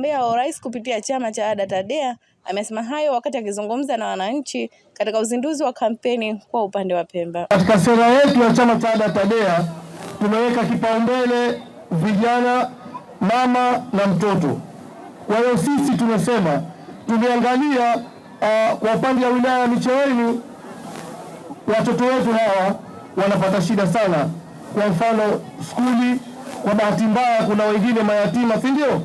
mgombea wa urais kupitia chama cha ADA TADEA amesema hayo wakati akizungumza na wananchi katika uzinduzi wa kampeni kwa upande wa Pemba. Katika sera yetu ya chama cha ADA TADEA tumeweka kipaumbele vijana, mama na mtoto. Kwa hiyo sisi tumesema tuliangalia uh, kwa upande wa wilaya ya Micheweni watoto wetu hawa wanapata shida sana. Kwa mfano, skuli, kwa bahati mbaya kuna wengine mayatima, si ndio?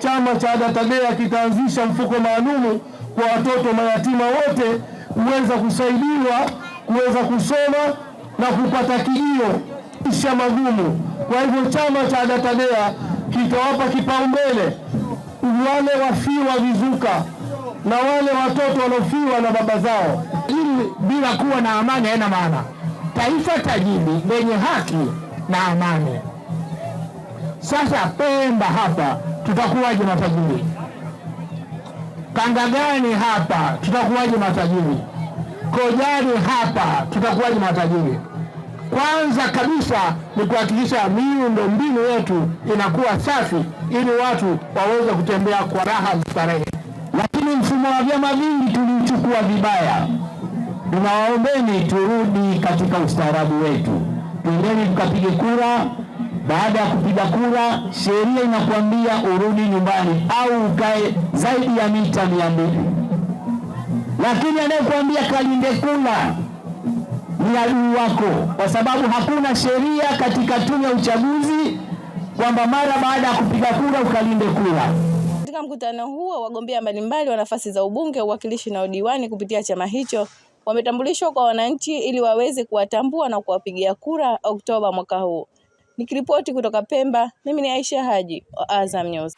chama cha ADA TADEA kitaanzisha mfuko maalumu kwa watoto mayatima wote kuweza kusaidiwa kuweza kusoma na kupata kilio isha magumu. Kwa hivyo chama cha ADA TADEA kitawapa kipaumbele wale wafiwa vizuka na wale watoto wanaofiwa na baba zao. Ili bila kuwa na amani haina maana. Taifa tajiri lenye haki na amani sasa Pemba hapa tutakuwaje matajiri? Kangagani hapa tutakuwaje matajiri? Kojani hapa tutakuwaje matajiri? Kwanza kabisa ni kuhakikisha miundo mbinu yetu inakuwa safi, ili watu waweze kutembea kwa raha na starehe. Lakini mfumo wa vyama vingi tulichukua vibaya. Tunawaombeni turudi katika ustaarabu wetu, tuendeni tukapige kura baada ya kupiga kura, sheria inakuambia urudi nyumbani au ukae zaidi ya mita mia mbili, lakini anayekuambia kalinde kula ni adui wako, kwa sababu hakuna sheria katika tume ya uchaguzi kwamba mara baada ya kupiga kura ukalinde kula. Katika mkutano huo wagombea mbalimbali wa nafasi za ubunge, uwakilishi na udiwani kupitia chama hicho wametambulishwa kwa wananchi ili waweze kuwatambua na kuwapigia kura Oktoba mwaka huu. Nikiripoti kutoka Pemba, mimi ni Aisha Haji wa Azam News.